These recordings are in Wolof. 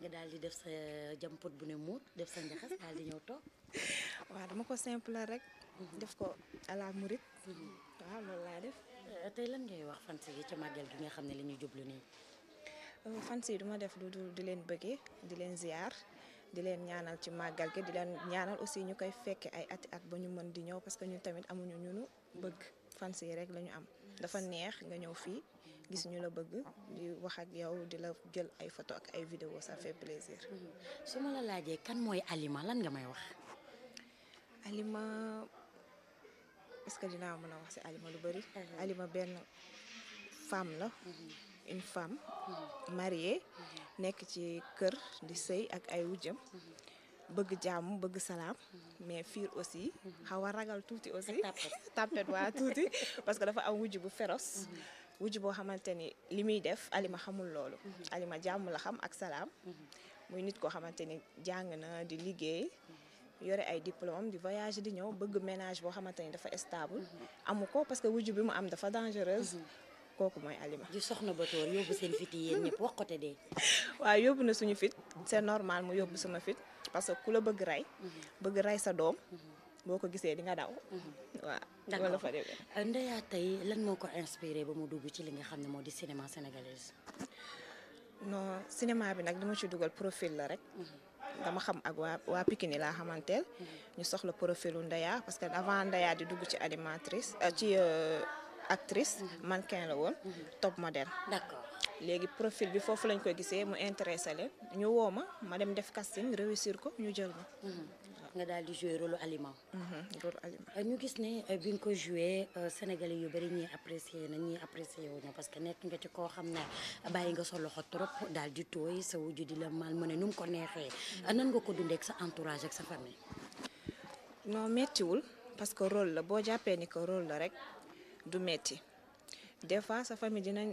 nga daal di def sa jampot bu ne muut def sa njaxas daal di ñëw toog. waaw dama ko simple rek. Mhm. def ko à la murit. Mhm. waaw loolu laa def. Euh, tey lan ngay wax fans yi ci màggal gi nga xam ne li ñu jublu nii. Euh, fans yi du def lu dul di leen bëggee di leen ziar di leen ñaanal ci màggal gi di leen ñaanal aussi ñu koy fekke ay ati at ba ñu mën di ñëw parce que ñun tamit amuñu ñunu bëgg fans yi rek lañu am. dafa neex nga ñëw fii. gisuñu la bëgg di wax ak yow di la jël ay photo ak ay vidéo ça fait plaisir mhm. su la kan mooy alima lan nga may wax alima est ce que dinaa mën wax si alima lu bëri mhm. alima benn femme la mhm. une femme mariée nekk ci kër di sëy ak ay wujjam bëgg jàmm bëgg salaam mais fiir aussi ragal tuuti aussi tapet wa tuuti parce que dafa am wujj bu féroce wujj boo xamante ni li muy def alima xamul loolu mhm. alima jàmm la xam ak salaam mhm. muy nit koo xamante ni jàng na di liggéey yore ay diplome di voyage di ñëw bëgg ménage boo xamante ni dafa stable mhm. amu ko parce que wujj bi mu am dafa dangereuse kooku mooy alima ju soxna ba toor yóbbu seen fit wax ko te dee waaw na suñu fit seen normal mu yóbbu sama fit parce que ku la bëgg rey bëgg rey sa doom boo ko gisee di nga daw waaw d'accord euh, Ndeya tey lan moo ko inspiré ba mu dugg ci li nga xam ne moo di cinéma sénégalaise. no cinéma bi nag dama ci dugal profil la rek. Mhm. dama xam ak waa waa Pikine laa xamanteel. Mhm. ñu soxla profilu Ndeya parce que avant Ndeya di dugg ci animatrice euh, ci euh, actrice. Mhm. mannequin la woon. top modèle. d'accord léegi profil bi foofu lañ koy gisee mu intéressé leen ñu woo ma ma dem def casting réussir ko ñu jël ma. nga daal di joué rôle aliment. Mhm, rôle aliment euh, ñu gis ne euh, bi nga ko joué euh, sénégalais yu bëri ñii apprécié na ñii apprécié wu na parce que nekk nga ci koo xam ne bàyyi nga sa loxo trop daal di tooy sa wujju di la mal mu ne nu mu ko neexee nan nga ko dundee ak sa entourage ak sa famille. non méttiwul parce que rôle la boo jàppee ni ko rôle la rek du metti des sa famille dinañ.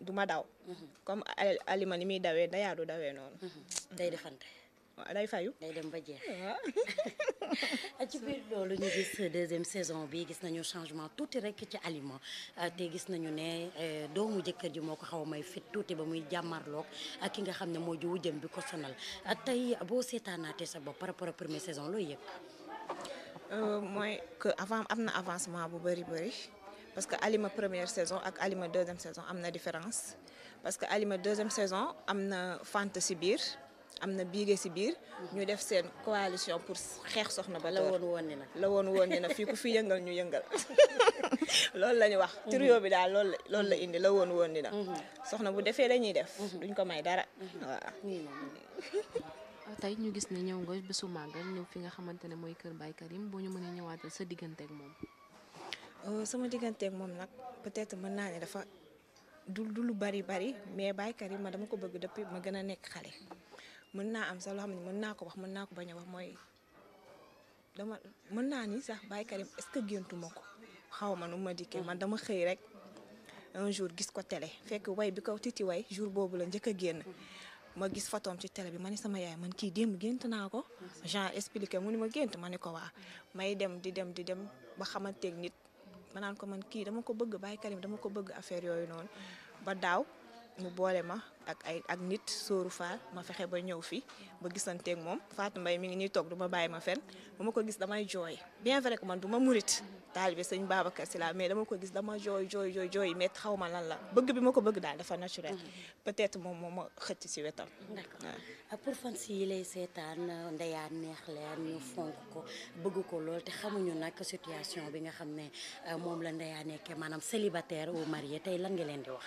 duma daw. comme alima ni dawé dawee dayaa du dawee mm-hmm. day defante. day fayu. day dem ba gis deuxième saison bi gis nañu changement tout rek ci aliment ah, té gis nañu ne eh, doomu ji moko xaw may fit ba muy ak ah, ki nga xamné bi ko sonal ah, sa par rapport première saison yépp euh que avant amna avancement bu bari bari parce que Alima première saison ak Alima deuxième saison am na différence parce que Alima deuxième saison am na fant si biir am na biige si biir ñu def seen coalition pour xeex soxna ba la woon woon ni na la woon woon ni na fii ku fi yëngal ñu yëngal loolu la ñu wax mhm. trio bi daal loolu la la indi la won won ni na mhm. soxna bu defee lañuy def mhm. duñ ko may dara waaw tey ñu gis ne ñëw nga bésu magal ñëw fi nga xamantene moy mooy kër Baye Karim bo ñu mënee ñëwaatal sa diggante ak mom Euh, sama digganteeg moom nag peut-être mën naa ne dafa du du lu bari bari mais Baye Karima dama ko bëgg depuis ma gën a nekk xale mën naa am sax loo xam ne mën naa ko wax mën naa ko bañ a wax mooy dama mën naa ni sax Baye Karim est que géntu ma ko xaw ma nu ma dikkee man dama xëy rek un jour gis ko télé fekk way bi ko titi way jour boobu la njëkk a génn ma gis photom ci télé bi ma ne sama yaay man kii démb gént naa ko genre expliqué mu ni ma gént ma ne ko waa may dem di dem di dem ba xamanteeg nit ma naan ko man kii dama ko bëgg Baye Karim dama ko bëgg affaire yooyu noonu ba daaw mu boole ma ak ay ak nit sóoru faal ma fexe ba ñëw fi ba gisanteeg moom Fatou Mbaye mi ngi nii toog du ma bàyyi ma fen bu ma ko gis damay jooy bien vrai que man du ma murit taalibe sëñ Babacar Si la mais dama ko gis dama jooy jooy jooy jooy mais xaw ma lan la bëgg bi ma ko bëgg daal dafa naturel peut-être moom moo ma xëcc si wetam d'accord pour fan si yi lay seetaan ndeyaa neex leen ñu fonk ko bëgg ko lool te xamuñu nag situation bi nga xam ne moom la ndeyaa nekkee maanaam célibataire ou marié tey lan nga leen di wax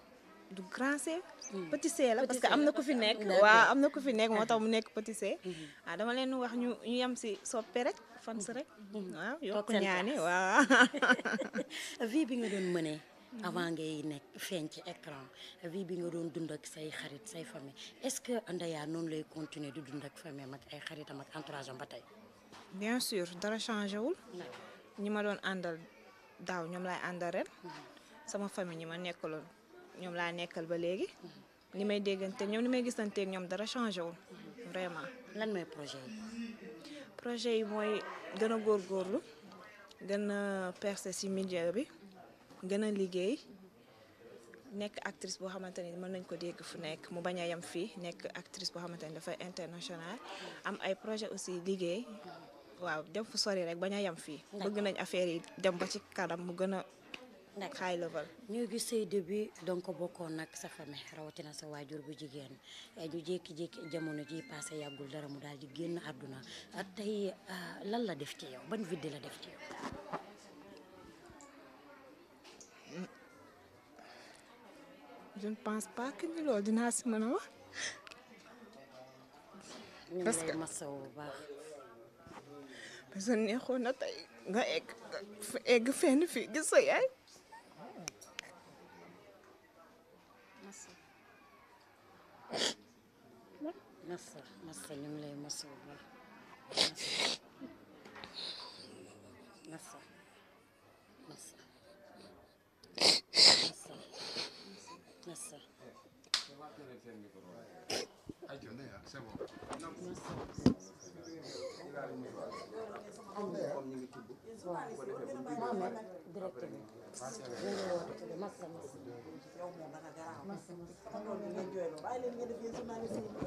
du grand C hmm. petit C la parce que amna na fi nek wa amna na fi nek moo tax mu nekk petit C hmm. ah dama leen wax ñu ñu yem si soppe rek fans hmm. rek waaw yokku ñaani waaw vie bi nga doon mënee avant ngay nek feeñ ci écran vie bi nga done dund ak say xarit say famille est-ce que andaya non lay continuer di dund ak famille mak ak ay xaritam ak entourage ba tay bien sûr dara changé wul ñi ma doon àndal daaw lay andal ren sama famille ñima ma ñoom laa nekkal ba léegi ni may dégganteeg ñoom ni may gisanteeg ñoom dara changé wul vraiment. lan mooy projet yi. projet yi mooy gën góor góorgóorlu gën a percer ci milieu bi gën a liggéey nekk actrice boo xamante ni mën nañ ko dégg fu nekk mu bañ a yem fii nekk actrice boo xamante ni dafay international am ay projet aussi liggéey waaw dem fu sori rek bañ a fii. bëgg nañ affaire dem ba ci kanam mu gën nekk high level. ñu gis bokkoon nag sa famille rawatina sa waajur bu jigéen eh, ñu jékki-jékki jamono ji passé yàggul dara mu daal di génn àdduna a eh, tey eh, lan la def ci yow ban vidde la def ci yow. je ne pense pas que ni dinaa si mën a wax. parce que masawu baax. parce que neexoon na tey nga egg fenn fii gis sa yaay. massa massa ñu ngi lay massa bu baax massa massa massa massa am na comme ñu ngi tudd. waaw moom nag directeur bi. ñu ngi woote ci massa massa. massa massa.